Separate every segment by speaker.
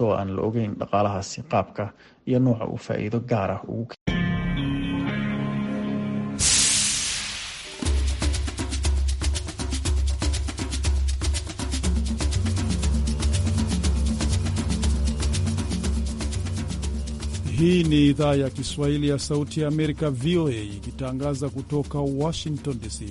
Speaker 1: oo ah aan la ogeyn dhaqaalahaasi qaabka iyo nooca uu faa'iido gaar ah ugu
Speaker 2: Hii ni idhaa ya Kiswahili ya Sauti ya Amerika, VOA, ikitangaza kutoka Washington DC.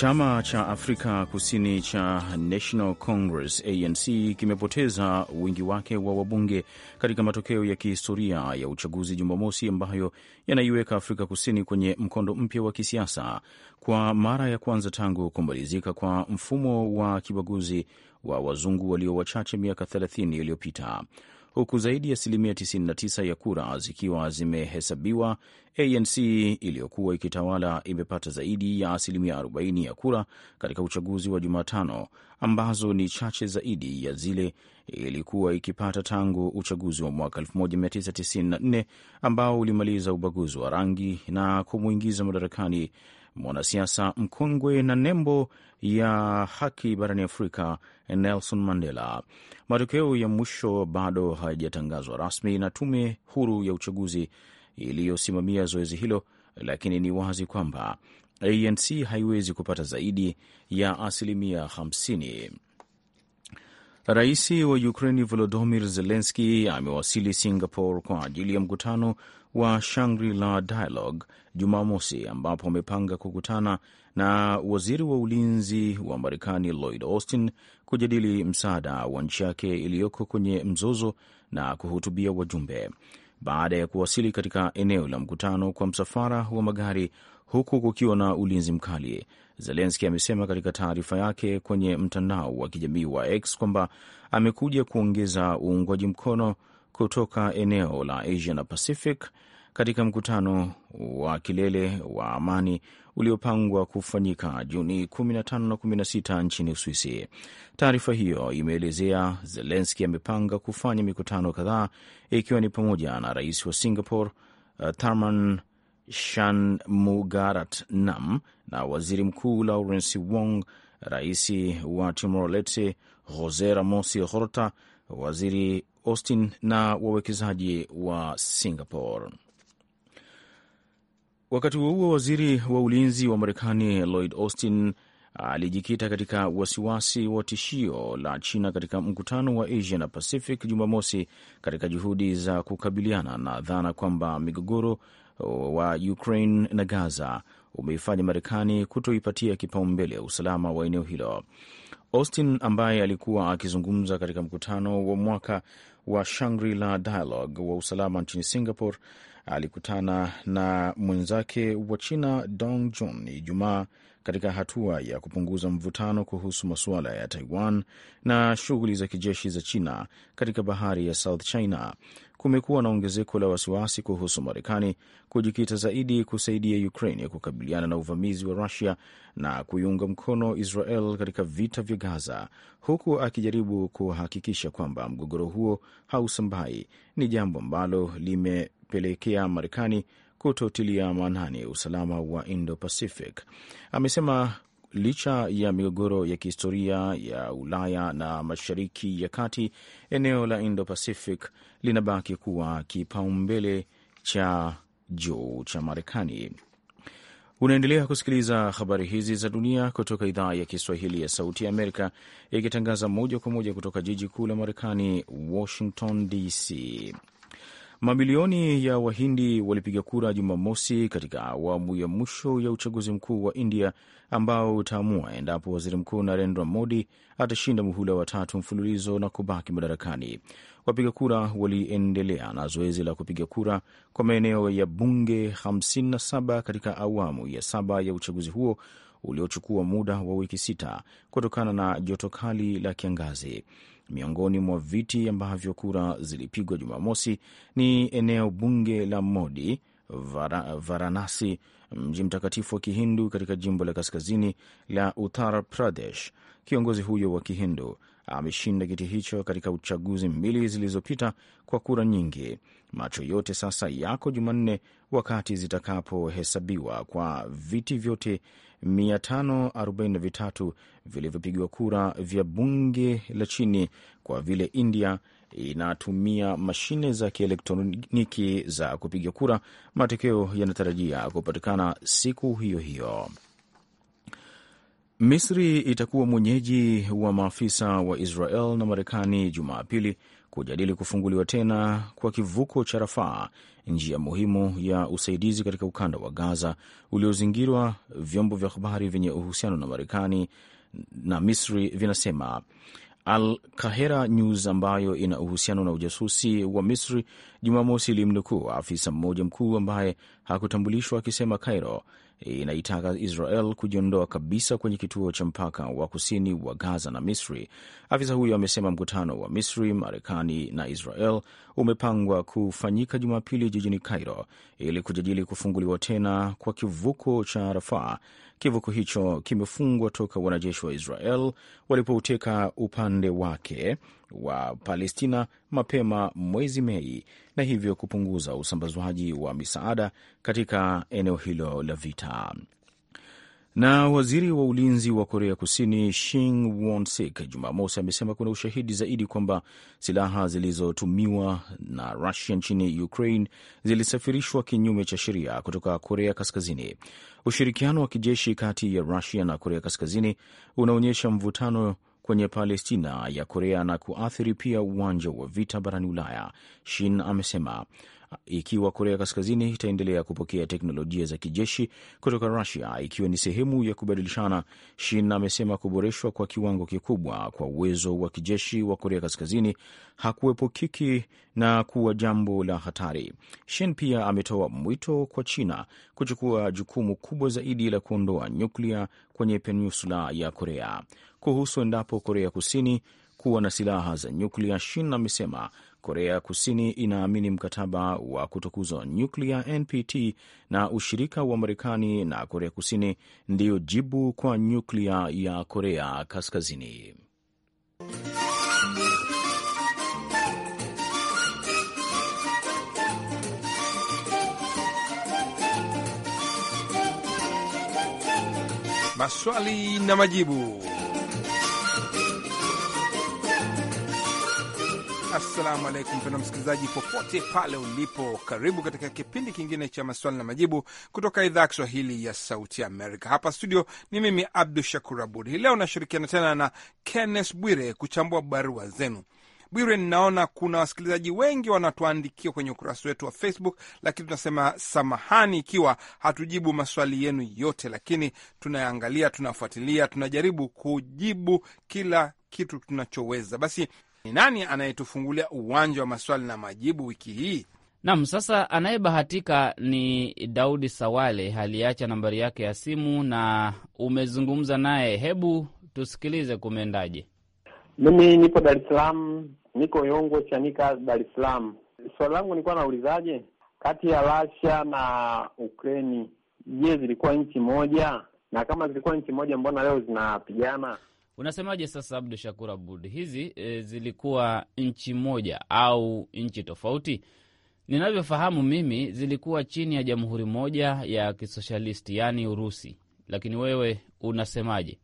Speaker 1: Chama cha Afrika Kusini cha National Congress ANC kimepoteza wingi wake wa wabunge katika matokeo ya kihistoria ya uchaguzi Jumamosi ambayo yanaiweka Afrika Kusini kwenye mkondo mpya wa kisiasa kwa mara ya kwanza tangu kumalizika kwa mfumo wa kibaguzi wa wazungu walio wachache miaka 30 iliyopita huku zaidi ya asilimia 99 ya kura zikiwa zimehesabiwa. ANC iliyokuwa ikitawala imepata zaidi ya asilimia 40 ya kura katika uchaguzi wa Jumatano, ambazo ni chache zaidi ya zile ilikuwa ikipata tangu uchaguzi wa mwaka 1994 ambao ulimaliza ubaguzi wa rangi na kumwingiza madarakani mwanasiasa mkongwe na nembo ya haki barani Afrika Nelson Mandela. Matokeo ya mwisho bado hayajatangazwa rasmi na tume huru ya uchaguzi iliyosimamia zoezi hilo, lakini ni wazi kwamba ANC haiwezi kupata zaidi ya asilimia 50. Rais wa Ukraini Volodymyr Zelensky amewasili Singapore kwa ajili ya mkutano wa Shangri-La Dialogue Jumamosi, ambapo wamepanga kukutana na waziri wa ulinzi wa Marekani Lloyd Austin kujadili msaada wa nchi yake iliyoko kwenye mzozo na kuhutubia wajumbe. Baada ya kuwasili katika eneo la mkutano kwa msafara wa magari huku kukiwa na ulinzi mkali, Zelenski amesema katika taarifa yake kwenye mtandao wa kijamii wa X kwamba amekuja kuongeza uungwaji mkono kutoka eneo la Asia na Pacific katika mkutano wa kilele wa amani uliopangwa kufanyika Juni 15 na 16 nchini Uswisi. Taarifa hiyo imeelezea Zelenski amepanga kufanya mikutano kadhaa, ikiwa ni pamoja na rais wa Singapore eh, Tharman Shanmugaratnam na waziri mkuu Lawrence Wong, rais wa Timor Leste Jose Ramosi Horta, waziri Austin na wawekezaji wa Singapore. Wakati huo huo, waziri wa ulinzi wa Marekani Lloyd Austin alijikita katika wasiwasi wa tishio la China katika mkutano wa Asia na Pacific Jumamosi, katika juhudi za kukabiliana na dhana kwamba migogoro wa Ukraine na Gaza umeifanya Marekani kutoipatia kipaumbele usalama wa eneo hilo. Austin ambaye alikuwa akizungumza katika mkutano wa mwaka wa Shangri-La Dialogue wa usalama nchini Singapore alikutana na mwenzake wa China Dong Jun Ijumaa katika hatua ya kupunguza mvutano kuhusu masuala ya Taiwan na shughuli za kijeshi za China katika bahari ya South China, kumekuwa na ongezeko la wasiwasi kuhusu Marekani kujikita zaidi kusaidia Ukraine kukabiliana na uvamizi wa Rusia na kuiunga mkono Israel katika vita vya Gaza, huku akijaribu kuhakikisha kwamba mgogoro huo hausambai. Ni jambo ambalo limepelekea Marekani kutotilia maanani usalama wa Indo-Pacific. Amesema licha ya migogoro ya kihistoria ya Ulaya na Mashariki ya Kati, eneo la Indo-Pacific linabaki kuwa kipaumbele cha juu cha Marekani. Unaendelea kusikiliza habari hizi za dunia kutoka idhaa ya Kiswahili ya Sauti ya Amerika, ikitangaza moja kwa moja kutoka jiji kuu la Marekani, Washington DC. Mamilioni ya Wahindi walipiga kura Jumamosi katika awamu ya mwisho ya uchaguzi mkuu wa India ambao utaamua endapo waziri mkuu Narendra Modi atashinda muhula wa tatu mfululizo na kubaki madarakani. Wapiga kura waliendelea na zoezi la kupiga kura kwa maeneo ya bunge 57 katika awamu ya saba ya uchaguzi huo uliochukua muda wa wiki sita kutokana na joto kali la kiangazi. Miongoni mwa viti ambavyo kura zilipigwa Jumamosi ni eneo bunge la Modi, Varanasi, mji mtakatifu wa Kihindu katika jimbo la kaskazini la Uttar Pradesh. Kiongozi huyo wa Kihindu ameshinda kiti hicho katika uchaguzi mbili zilizopita kwa kura nyingi. Macho yote sasa yako Jumanne wakati zitakapohesabiwa kwa viti vyote 543 vilivyopigiwa kura vya bunge la chini, kwa vile India inatumia mashine za kielektroniki za kupiga kura. Matokeo yanatarajia kupatikana siku hiyo hiyo. Misri itakuwa mwenyeji wa maafisa wa Israel na Marekani Jumapili kujadili kufunguliwa tena kwa kivuko cha Rafaa, njia muhimu ya usaidizi katika ukanda wa Gaza uliozingirwa. Vyombo vya habari vyenye uhusiano na Marekani na Misri vinasema Al Kahera News ambayo ina uhusiano na ujasusi wa Misri Jumamosi ilimnukuu afisa mmoja mkuu ambaye hakutambulishwa akisema Cairo inaitaka Israel kujiondoa kabisa kwenye kituo cha mpaka wa kusini wa Gaza na Misri. Afisa huyo amesema mkutano wa Misri, Marekani na Israel umepangwa kufanyika Jumapili jijini Cairo ili kujadili kufunguliwa tena kwa kivuko cha Rafaa Kivuko hicho kimefungwa toka wanajeshi wa Israel walipouteka upande wake wa Palestina mapema mwezi Mei, na hivyo kupunguza usambazwaji wa misaada katika eneo hilo la vita. Na waziri wa ulinzi wa Korea Kusini Shin Won-sik Jumamosi amesema kuna ushahidi zaidi kwamba silaha zilizotumiwa na Rusia nchini Ukraine zilisafirishwa kinyume cha sheria kutoka Korea Kaskazini. Ushirikiano wa kijeshi kati ya Rusia na Korea Kaskazini unaonyesha mvutano kwenye Palestina ya Korea na kuathiri pia uwanja wa vita barani Ulaya, Shin amesema ikiwa Korea Kaskazini itaendelea kupokea teknolojia za kijeshi kutoka Rusia ikiwa ni sehemu ya kubadilishana. Shin amesema kuboreshwa kwa kiwango kikubwa kwa uwezo wa kijeshi wa Korea Kaskazini hakuepukiki na kuwa jambo la hatari. Shin pia ametoa mwito kwa China kuchukua jukumu kubwa zaidi la kuondoa nyuklia kwenye peninsula ya Korea. Kuhusu endapo Korea Kusini kuwa na silaha za nyuklia, Shin amesema Korea Kusini inaamini mkataba wa kutukuzwa nyuklia NPT na ushirika wa Marekani na Korea Kusini ndiyo jibu kwa nyuklia ya Korea Kaskazini.
Speaker 3: Maswali na majibu. Assalamu alaikum pena msikilizaji, popote pale ulipo, karibu katika kipindi kingine cha maswali na majibu kutoka idhaa ya Kiswahili ya Sauti Amerika. Hapa studio ni mimi Abdu Shakur Abud. Hii leo nashirikiana tena na Kenneth Bwire kuchambua barua zenu. Bwire, ninaona kuna wasikilizaji wengi wanatuandikia kwenye ukurasa wetu wa Facebook, lakini tunasema samahani ikiwa hatujibu maswali yenu yote, lakini tunayaangalia, tunafuatilia, tunajaribu kujibu kila kitu tunachoweza. Basi ni nani anayetufungulia uwanja wa maswali na majibu wiki hii?
Speaker 4: Nam, sasa anayebahatika ni Daudi Sawale, aliacha nambari yake ya simu na umezungumza naye. Hebu tusikilize kumeendaje.
Speaker 5: Mimi nipo Dar es Salaam, niko Yongo Chanika, Dar es Salaam. Swali langu nilikuwa naulizaje, kati ya Russia na Ukraini, je, zilikuwa nchi moja? Na kama zilikuwa nchi moja, mbona leo zinapigana?
Speaker 4: Unasemaje sasa, Abdu Shakur Abud, hizi e, zilikuwa nchi moja au nchi tofauti? Ninavyofahamu mimi zilikuwa chini ya jamhuri moja ya kisoshalisti, yaani Urusi, lakini wewe unasemaje?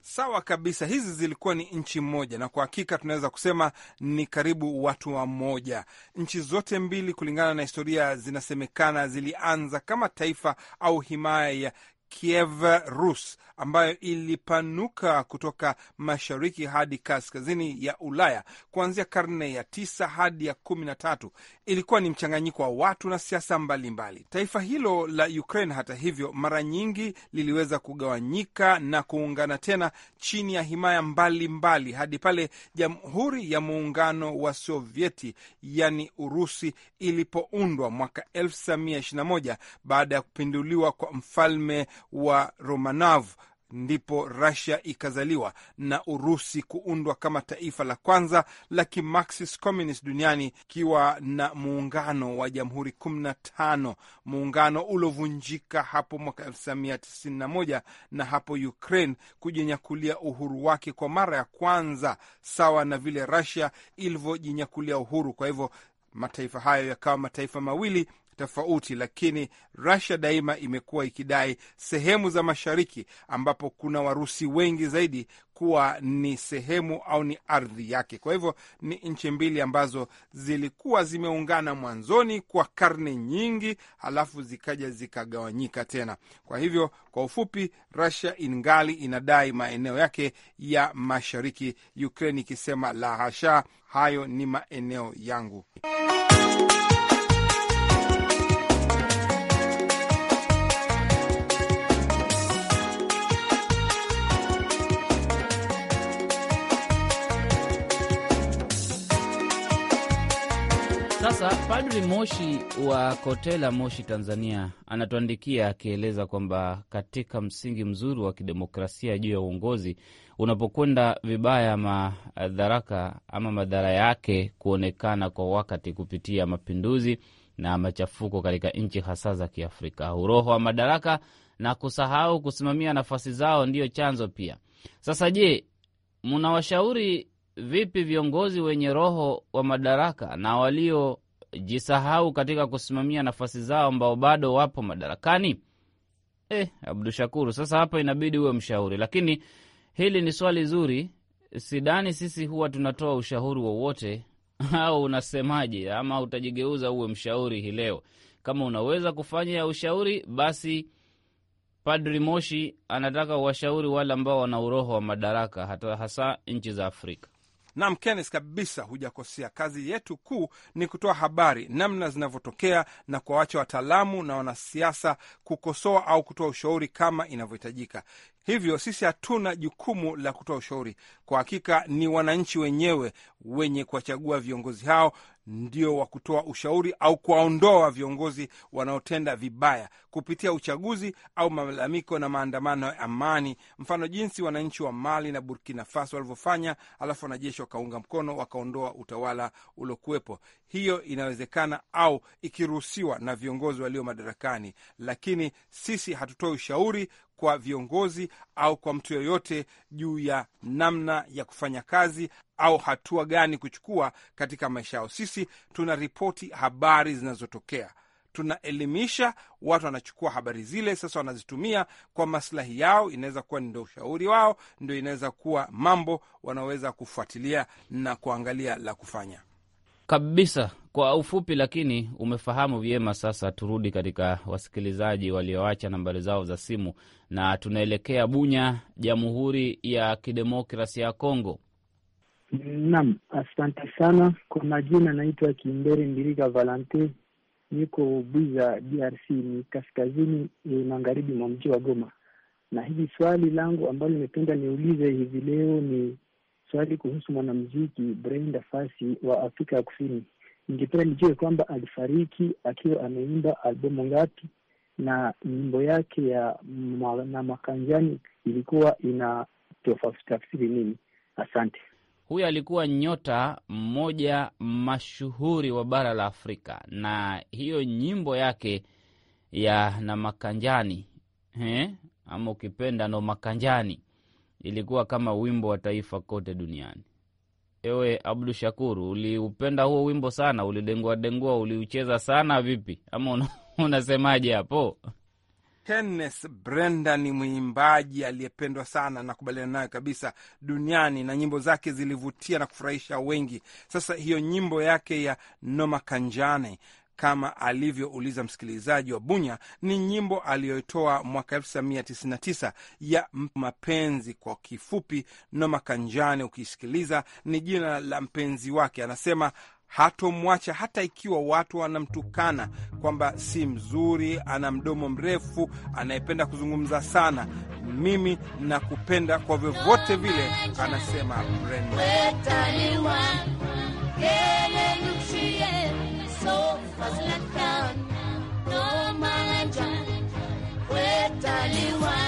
Speaker 3: Sawa kabisa, hizi zilikuwa ni nchi moja, na kwa hakika tunaweza kusema ni karibu watu wa moja. Nchi zote mbili, kulingana na historia, zinasemekana zilianza kama taifa au himaya ya Kiev Rus ambayo ilipanuka kutoka mashariki hadi kaskazini ya Ulaya kuanzia karne ya tisa hadi ya kumi na tatu ilikuwa ni mchanganyiko wa watu na siasa mbalimbali. Taifa hilo la Ukraine, hata hivyo, mara nyingi liliweza kugawanyika na kuungana tena chini ya himaya mbalimbali mbali, hadi pale Jamhuri ya Muungano wa Sovieti yani Urusi ilipoundwa mwaka 1921 baada ya kupinduliwa kwa mfalme wa Romanov ndipo rasia ikazaliwa na Urusi kuundwa kama taifa la kwanza la kimaxis communist duniani ikiwa na muungano wa jamhuri 15, muungano uliovunjika hapo mwaka 1991 na hapo Ukraine kujinyakulia uhuru wake kwa mara ya kwanza, sawa na vile rasia ilivyojinyakulia uhuru. Kwa hivyo mataifa hayo yakawa mataifa mawili tofauti, lakini Russia daima imekuwa ikidai sehemu za mashariki ambapo kuna Warusi wengi zaidi kuwa ni sehemu au ni ardhi yake. Kwa hivyo ni nchi mbili ambazo zilikuwa zimeungana mwanzoni kwa karne nyingi, halafu zikaja zikagawanyika tena. Kwa hivyo kwa ufupi, Russia ingali inadai maeneo yake ya mashariki, Ukraine ikisema la hasha, hayo ni maeneo yangu.
Speaker 4: Padri Moshi wa Kotela, Moshi, Tanzania, anatuandikia akieleza kwamba katika msingi mzuri wa kidemokrasia juu ya uongozi, unapokwenda vibaya, madharaka ama madhara yake kuonekana kwa wakati kupitia mapinduzi na machafuko katika nchi hasa za Kiafrika. Uroho wa madaraka na kusahau kusimamia nafasi zao ndiyo chanzo pia. Sasa je, mnawashauri vipi viongozi wenye roho wa madaraka na walio jisahau katika kusimamia nafasi zao ambao bado wapo madarakani? Eh, Abdu Shakuru, sasa hapa inabidi uwe mshauri, lakini hili ni swali zuri. sidani sisi huwa tunatoa ushauri wowote au unasemaje? Ama utajigeuza uwe mshauri hii leo? Kama unaweza kufanya ya ushauri, basi Padri Moshi anataka washauri wale ambao wana uroho wa madaraka, hata hasa nchi za Afrika.
Speaker 3: Nam Kennes, kabisa hujakosea. Kazi yetu kuu ni kutoa habari namna zinavyotokea na kuwawacha wataalamu na wanasiasa kukosoa au kutoa ushauri kama inavyohitajika. Hivyo sisi hatuna jukumu la kutoa ushauri. Kwa hakika, ni wananchi wenyewe wenye kuwachagua viongozi hao ndio wa kutoa ushauri au kuwaondoa viongozi wanaotenda vibaya kupitia uchaguzi au malalamiko na maandamano ya amani, mfano jinsi wananchi wa Mali na Burkina Faso walivyofanya, alafu wanajeshi wakaunga mkono, wakaondoa utawala uliokuwepo. Hiyo inawezekana au ikiruhusiwa na viongozi walio madarakani, lakini sisi hatutoi ushauri kwa viongozi au kwa mtu yoyote juu ya namna ya kufanya kazi au hatua gani kuchukua katika maisha yao. Sisi tuna ripoti habari zinazotokea, tunaelimisha watu, wanachukua habari zile, sasa wanazitumia kwa maslahi yao. Inaweza kuwa ndo ushauri wao, ndio inaweza kuwa mambo wanaweza kufuatilia na kuangalia la kufanya
Speaker 4: kabisa. Kwa ufupi lakini umefahamu vyema. Sasa turudi katika wasikilizaji walioacha nambari zao za simu, na tunaelekea Bunya, Jamhuri ya Kidemokrasi ya Kongo. Naam, asante sana kwa majina. Naitwa Kimbere Mbirika Valante, niko Bwiza, DRC, ni kaskazini eh, magharibi mwa mji wa Goma. Na hivi swali langu ambalo nimependa niulize hivi leo ni swali kuhusu mwanamuziki Brenda Fassie wa Afrika ya Kusini ningependa nijue kwamba alifariki akiwa ameimba albumu ngapi na nyimbo yake ya ma, na makanjani ilikuwa ina tofauti tafsiri nini? Asante. Huyu alikuwa nyota mmoja mashuhuri wa bara la Afrika, na hiyo nyimbo yake ya na makanjani he, ama ukipenda no makanjani ilikuwa kama wimbo wa taifa kote duniani. Ewe Abdu shakur uliupenda huo wimbo sana, ulidengua dengua, uliucheza sana vipi, ama unasemaje hapo?
Speaker 3: Kenneth Brenda ni mwimbaji aliyependwa sana, nakubaliana nayo kabisa duniani, na nyimbo zake zilivutia na kufurahisha wengi. Sasa hiyo nyimbo yake ya Noma Kanjane kama alivyouliza msikilizaji wa Bunya, ni nyimbo aliyoitoa mwaka 1999 ya mapenzi, kwa kifupi Noma Kanjane. Ukisikiliza ni jina la mpenzi wake, anasema hatomwacha hata ikiwa watu wanamtukana kwamba si mzuri, ana mdomo mrefu, anayependa kuzungumza sana. Mimi na kupenda kwa vyovyote vile, anasema
Speaker 2: Brenda.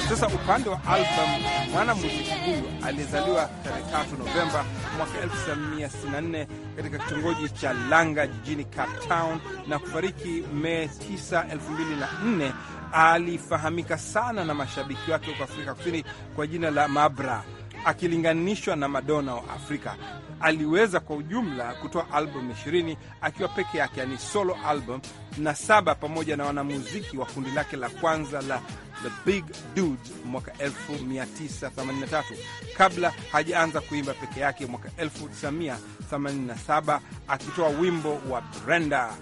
Speaker 4: Sasa upande wa mwana mwanamuziki huyu aliyezaliwa
Speaker 3: tarehe 3 Novemba mwaka 1964 katika kitongoji cha Langa jijini Cape Town na kufariki Mei 9, 2004, alifahamika sana na mashabiki wake huko Afrika Kusini kwa jina la Mabra, akilinganishwa na Madonna wa Afrika aliweza kwa ujumla kutoa album ishirini akiwa peke yake, yani solo album, na saba pamoja na wanamuziki wa kundi lake la kwanza la The Big Dudes mwaka 1983 kabla hajaanza kuimba peke yake mwaka 1987 akitoa wimbo wa Brenda.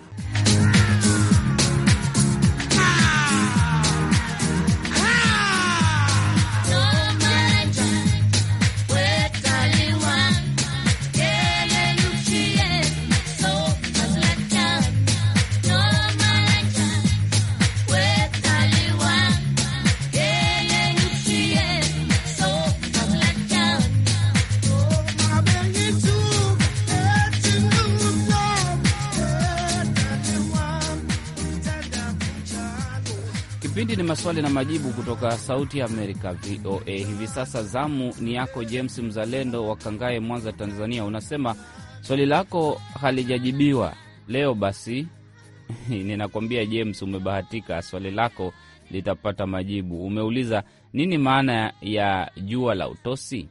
Speaker 4: ni maswali na majibu kutoka Sauti ya Amerika, VOA. Hivi sasa zamu ni yako James Mzalendo wa Kangae, Mwanza, Tanzania. Unasema swali lako halijajibiwa leo. Basi ninakwambia James, umebahatika, swali lako litapata majibu. Umeuliza nini maana ya jua la utosi?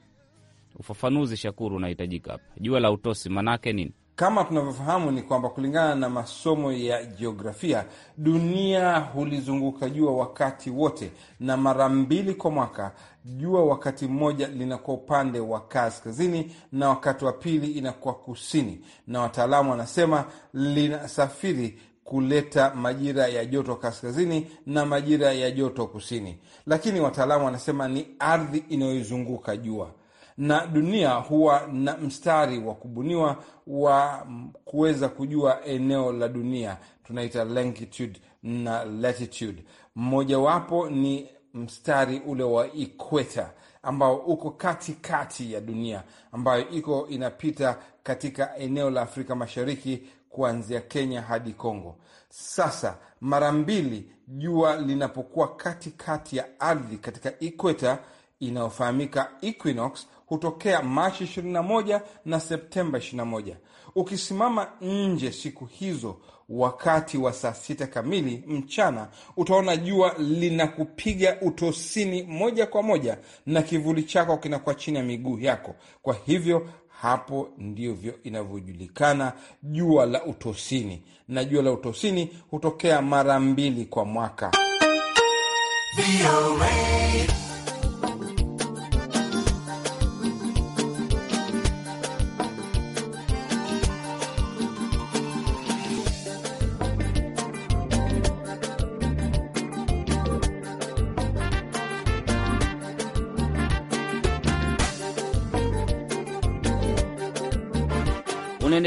Speaker 4: Ufafanuzi Shakuru unahitajika hapa. Jua la utosi maanake nini?
Speaker 3: Kama tunavyofahamu ni kwamba kulingana na masomo ya jiografia, dunia hulizunguka jua wakati wote, na mara mbili kwa mwaka jua wakati mmoja linakuwa upande wa kaskazini na wakati wa pili inakuwa kusini, na wataalamu wanasema linasafiri kuleta majira ya joto kaskazini na majira ya joto kusini, lakini wataalamu wanasema ni ardhi inayoizunguka jua na dunia huwa na mstari wa kubuniwa wa kuweza kujua eneo la dunia, tunaita longitude na latitude. Mmojawapo ni mstari ule wa ikweta ambao uko katikati kati ya dunia ambayo iko inapita katika eneo la Afrika Mashariki kuanzia Kenya hadi Kongo. Sasa mara mbili jua linapokuwa katikati ya ardhi katika ikweta inayofahamika equinox hutokea Machi 21 na Septemba 21. Ukisimama nje siku hizo wakati wa saa sita kamili mchana, utaona jua linakupiga utosini moja kwa moja na kivuli chako kinakuwa chini ya miguu yako. Kwa hivyo hapo ndivyo inavyojulikana jua la utosini, na jua la utosini hutokea mara mbili kwa mwaka.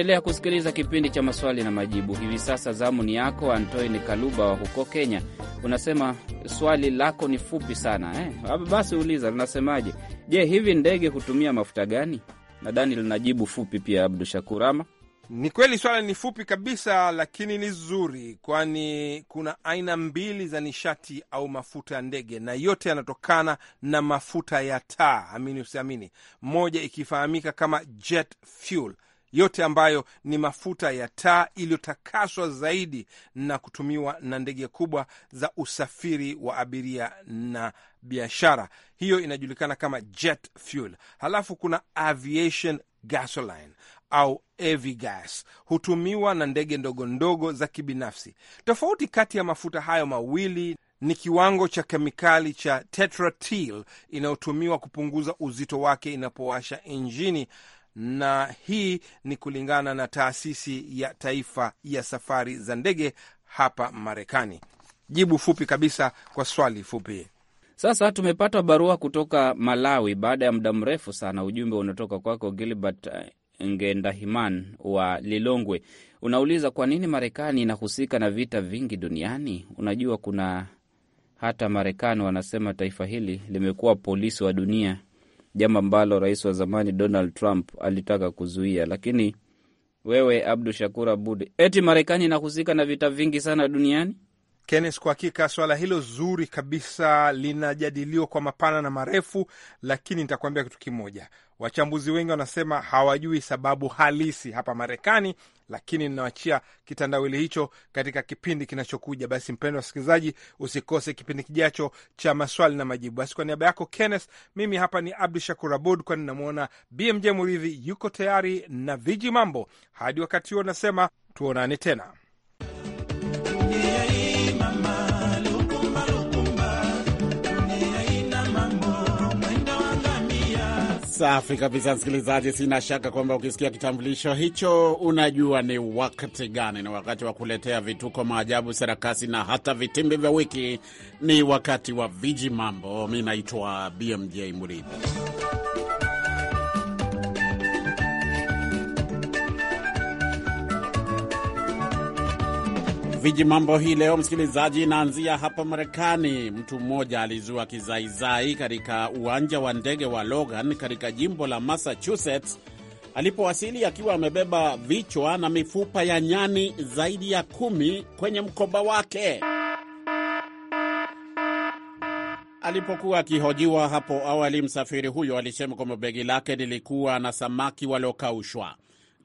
Speaker 4: Unaendelea kusikiliza kipindi cha maswali na majibu. Hivi sasa zamu ni yako Antoine Kaluba wa huko Kenya. Unasema swali lako ni fupi sana eh? Basi uliza, linasemaje? Je, hivi ndege hutumia mafuta gani? Nadhani
Speaker 3: linajibu fupi pia. Abdu Shakur ama ni kweli swala ni fupi kabisa, lakini ni zuri, kwani kuna aina mbili za nishati au mafuta ya ndege, na yote yanatokana na mafuta ya taa, amini usiamini, moja ikifahamika kama jet fuel yote ambayo ni mafuta ya taa iliyotakaswa zaidi na kutumiwa na ndege kubwa za usafiri wa abiria na biashara. Hiyo inajulikana kama jet fuel. Halafu kuna aviation gasoline au avgas hutumiwa na ndege ndogo ndogo za kibinafsi. Tofauti kati ya mafuta hayo mawili ni kiwango cha kemikali cha tetratil inayotumiwa kupunguza uzito wake inapowasha injini na hii ni kulingana na taasisi ya taifa ya safari za ndege hapa Marekani. Jibu fupi kabisa kwa swali fupi.
Speaker 4: Sasa tumepata barua kutoka Malawi baada ya muda mrefu sana. Ujumbe unatoka kwako Gilbert Ngendahiman wa Lilongwe, unauliza kwa nini Marekani inahusika na vita vingi duniani. Unajua, kuna hata Marekani wanasema taifa hili limekuwa polisi wa dunia jambo ambalo rais wa zamani Donald Trump alitaka kuzuia. Lakini wewe Abdu Shakur Abud, eti Marekani inahusika na
Speaker 3: vita vingi sana duniani? Kennes, kwa hakika swala hilo zuri kabisa linajadiliwa kwa mapana na marefu, lakini nitakuambia kitu kimoja. Wachambuzi wengi wanasema hawajui sababu halisi hapa Marekani, lakini ninawachia kitandawili hicho katika kipindi kinachokuja. Basi mpendwa waskilizaji usikose kipindi kijacho cha maswali na majibu. Basi kwa niaba yako Kennes, mimi hapa ni Abdu Shakur Abud, kwani namwona BMJ Muridhi yuko tayari na viji mambo. Hadi wakati huo, nasema tuonane tena.
Speaker 5: Safi kabisa, msikilizaji, sina shaka kwamba ukisikia kitambulisho hicho unajua ni wakati gani. Ni wakati wa kuletea vituko, maajabu, sarakasi na hata vitimbi vya wiki. Ni wakati wa viji mambo. Mi naitwa BMJ Muridhi. Viji mambo hii leo, msikilizaji, inaanzia hapa Marekani. Mtu mmoja alizua kizaizai katika uwanja wa ndege wa Logan katika jimbo la Massachusetts alipowasili akiwa amebeba vichwa na mifupa ya nyani zaidi ya kumi kwenye mkoba wake. Alipokuwa akihojiwa hapo awali, msafiri huyo alisema kwamba begi lake lilikuwa na samaki waliokaushwa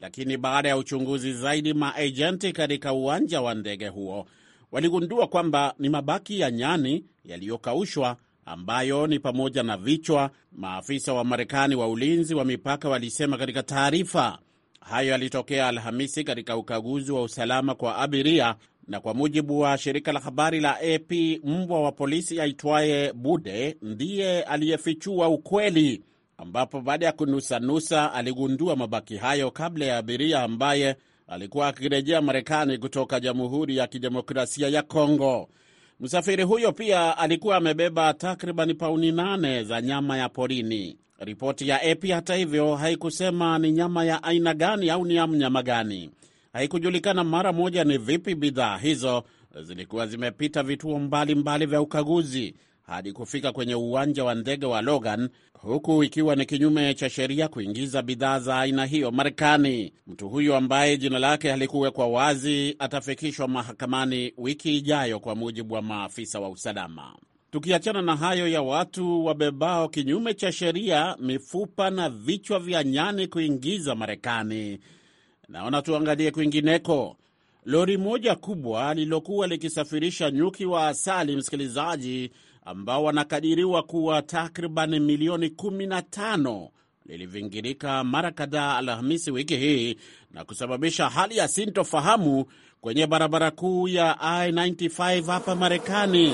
Speaker 5: lakini baada ya uchunguzi zaidi, maejenti katika uwanja wa ndege huo waligundua kwamba ni mabaki ya nyani yaliyokaushwa ambayo ni pamoja na vichwa, maafisa wa Marekani wa ulinzi wa mipaka walisema katika taarifa. Hayo yalitokea Alhamisi katika ukaguzi wa usalama kwa abiria, na kwa mujibu wa shirika la habari la AP, mbwa wa polisi aitwaye Bude ndiye aliyefichua ukweli ambapo baada ya kunusanusa aligundua mabaki hayo kabla ya abiria ambaye alikuwa akirejea Marekani kutoka Jamhuri ya Kidemokrasia ya Kongo. Msafiri huyo pia alikuwa amebeba takriban pauni nane za nyama ya porini. Ripoti ya AP e hata hivyo haikusema ni nyama ya aina gani au ni mnyama gani. Haikujulikana mara moja ni vipi bidhaa hizo zilikuwa zimepita vituo mbalimbali mbali vya ukaguzi, hadi kufika kwenye uwanja wa ndege wa Logan, huku ikiwa ni kinyume cha sheria kuingiza bidhaa za aina hiyo Marekani. Mtu huyo ambaye jina lake halikuwekwa wazi atafikishwa mahakamani wiki ijayo, kwa mujibu wa maafisa wa usalama. Tukiachana na hayo ya watu wabebao kinyume cha sheria mifupa na vichwa vya nyani kuingiza Marekani, naona tuangalie kwingineko. Lori moja kubwa lililokuwa likisafirisha nyuki wa asali, msikilizaji, ambao wanakadiriwa kuwa takriban milioni 15 lilivingirika mara kadhaa Alhamisi wiki hii na kusababisha hali ya sintofahamu kwenye barabara kuu ya I-95 hapa Marekani.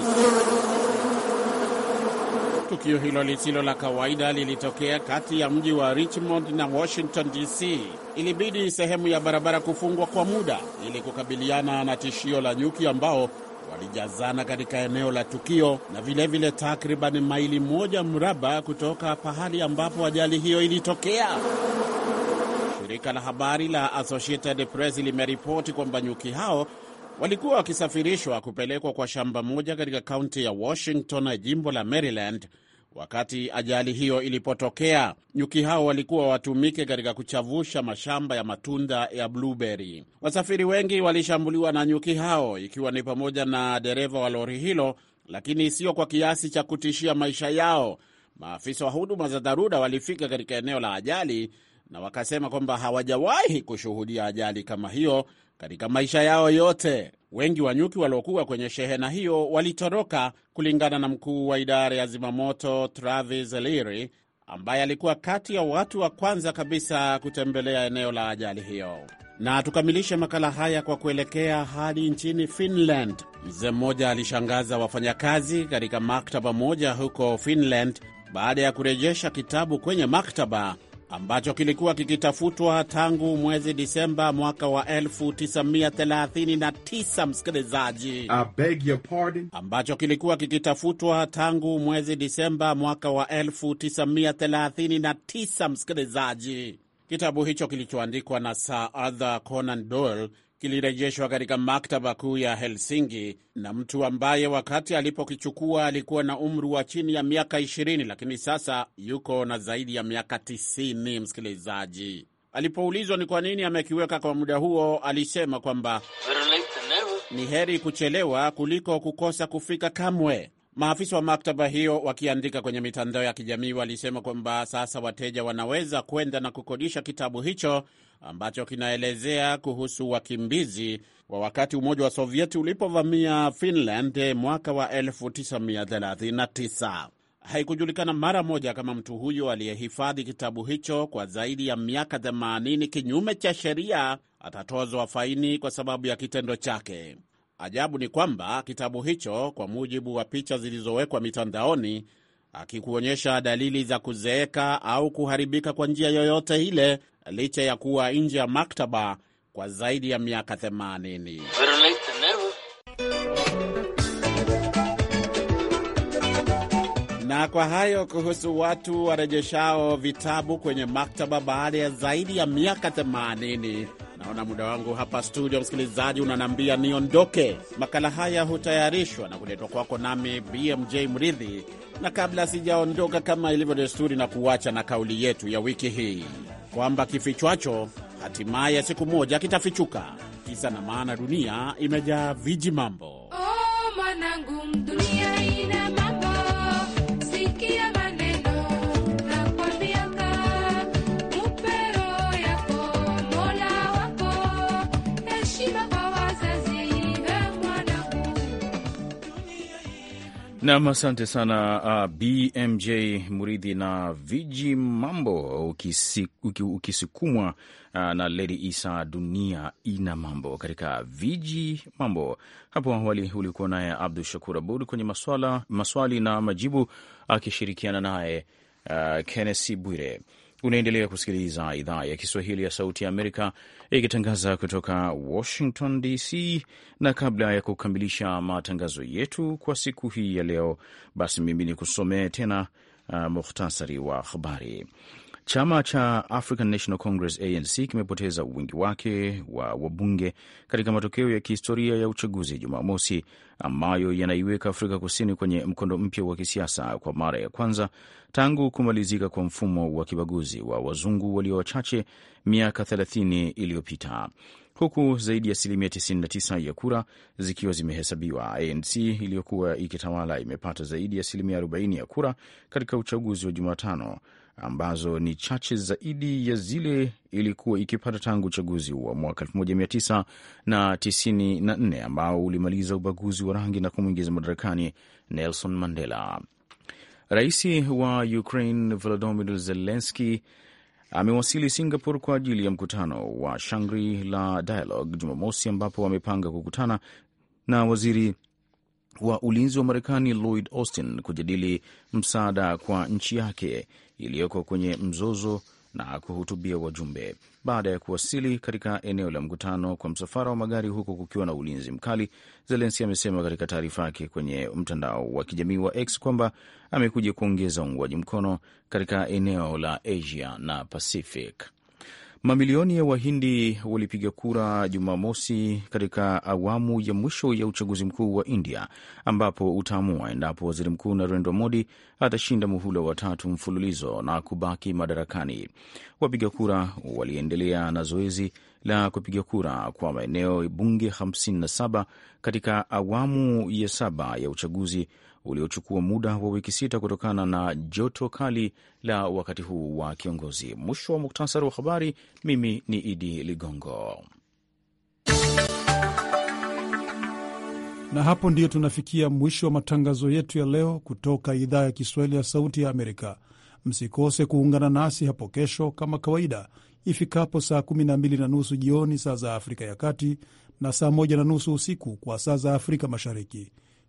Speaker 5: Tukio hilo lisilo la kawaida lilitokea kati ya mji wa Richmond na Washington DC. Ilibidi sehemu ya barabara kufungwa kwa muda ili kukabiliana na tishio la nyuki ambao walijazana katika eneo la tukio na vilevile takriban maili moja mraba kutoka pahali ambapo ajali hiyo ilitokea. Shirika la habari la Associated Press limeripoti kwamba nyuki hao walikuwa wakisafirishwa kupelekwa kwa shamba moja katika kaunti ya Washington na jimbo la Maryland wakati ajali hiyo ilipotokea. Nyuki hao walikuwa watumike katika kuchavusha mashamba ya matunda ya blueberry. Wasafiri wengi walishambuliwa na nyuki hao, ikiwa ni pamoja na dereva wa lori hilo, lakini sio kwa kiasi cha kutishia maisha yao. Maafisa wa huduma za dharura walifika katika eneo la ajali na wakasema kwamba hawajawahi kushuhudia ajali kama hiyo katika maisha yao yote. Wengi wa nyuki waliokuwa kwenye shehena hiyo walitoroka, kulingana na mkuu wa idara ya zimamoto Travis Leary, ambaye alikuwa kati ya watu wa kwanza kabisa kutembelea eneo la ajali hiyo. Na tukamilishe makala haya kwa kuelekea hadi nchini Finland. Mzee mmoja alishangaza wafanyakazi katika maktaba moja huko Finland baada ya kurejesha kitabu kwenye maktaba ambacho kilikuwa kikitafutwa tangu mwezi Disemba mwaka wa 1939 msikilizaji, ambacho kilikuwa kikitafutwa tangu mwezi Disemba mwaka wa 1939 msikilizaji. Kitabu hicho kilichoandikwa na Sir Arthur Conan Doyle kilirejeshwa katika maktaba kuu ya Helsinki na mtu ambaye wakati alipokichukua alikuwa na umri wa chini ya miaka 20 lakini sasa yuko na zaidi ya miaka 90. Msikilizaji, alipoulizwa ni kwa nini amekiweka kwa muda huo, alisema kwamba ni heri kuchelewa kuliko kukosa kufika kamwe. Maafisa wa maktaba hiyo wakiandika kwenye mitandao ya kijamii walisema kwamba sasa wateja wanaweza kwenda na kukodisha kitabu hicho ambacho kinaelezea kuhusu wakimbizi wa wakati Umoja wa Sovieti ulipovamia Finland mwaka wa 1939. Haikujulikana mara moja kama mtu huyo aliyehifadhi kitabu hicho kwa zaidi ya miaka 80 kinyume cha sheria atatozwa faini kwa sababu ya kitendo chake. Ajabu ni kwamba kitabu hicho, kwa mujibu wa picha zilizowekwa mitandaoni, akikuonyesha dalili za kuzeeka au kuharibika kwa njia yoyote ile, licha ya kuwa nje ya maktaba kwa zaidi ya miaka 80. Na kwa hayo kuhusu watu warejeshao vitabu kwenye maktaba baada ya zaidi ya miaka 80. Naona muda wangu hapa studio, msikilizaji, unanambia niondoke. Makala haya hutayarishwa na kuletwa kwako nami BMJ Mridhi, na kabla sijaondoka, kama ilivyo desturi, na kuacha na kauli yetu ya wiki hii kwamba kifichwacho hatimaye siku moja kitafichuka. Kisa na maana, dunia imejaa viji mambo.
Speaker 4: Oh, manangu, dunia
Speaker 1: Nam, asante sana uh, BMJ Muridhi na Viji Mambo ukisukumwa uh, na Ledi Isa, dunia ina mambo katika Viji Mambo. Hapo awali ulikuwa naye Abdu Shakur Abud kwenye maswala, maswali na majibu akishirikiana naye uh, Kennesi Bwire. Unaendelea kusikiliza idhaa ya Kiswahili ya Sauti ya Amerika ikitangaza kutoka Washington DC, na kabla ya kukamilisha matangazo yetu kwa siku hii ya leo, basi mimi ni kusomee tena uh, muhtasari wa habari. Chama cha African National Congress ANC kimepoteza wingi wake wa wabunge katika matokeo ya kihistoria ya uchaguzi Jumamosi, ambayo yanaiweka Afrika Kusini kwenye mkondo mpya wa kisiasa kwa mara ya kwanza tangu kumalizika kwa mfumo wa kibaguzi wa wazungu walio wachache miaka 30 iliyopita. Huku zaidi ya asilimia 99 ya kura zikiwa zimehesabiwa, ANC iliyokuwa ikitawala imepata zaidi ya asilimia 40 ya kura katika uchaguzi wa Jumatano ambazo ni chache zaidi ya zile ilikuwa ikipata tangu uchaguzi wa mwaka 1994 ambao ulimaliza ubaguzi wa rangi na kumwingiza madarakani Nelson Mandela. Rais wa Ukraine Volodymyr Zelensky amewasili Singapore kwa ajili ya mkutano wa Shangri-La Dialogue Jumamosi, ambapo amepanga kukutana na waziri wa ulinzi wa Marekani Lloyd Austin kujadili msaada kwa nchi yake iliyoko kwenye mzozo na kuhutubia wajumbe. Baada ya kuwasili katika eneo la mkutano kwa msafara wa magari, huku kukiwa na ulinzi mkali, Zelenski amesema katika taarifa yake kwenye mtandao wa kijamii wa X kwamba amekuja kuongeza uungwaji mkono katika eneo la Asia na Pacific. Mamilioni ya Wahindi walipiga kura Jumamosi katika awamu ya mwisho ya uchaguzi mkuu wa India, ambapo utaamua endapo waziri mkuu Narendra Modi atashinda muhula wa tatu mfululizo na kubaki madarakani. Wapiga kura waliendelea na zoezi la kupiga kura kwa maeneo bunge 57 katika awamu ya saba ya uchaguzi uliochukua muda wa wiki sita kutokana na joto kali la wakati huu wa kiongozi. Mwisho wa muktasari wa habari. Mimi ni Idi Ligongo.
Speaker 2: Na hapo ndiyo tunafikia mwisho wa matangazo yetu ya leo kutoka idhaa ya Kiswahili ya Sauti ya Amerika. Msikose kuungana nasi hapo kesho kama kawaida ifikapo saa 12 na nusu jioni saa za Afrika ya Kati na saa 1 na nusu usiku kwa saa za Afrika Mashariki.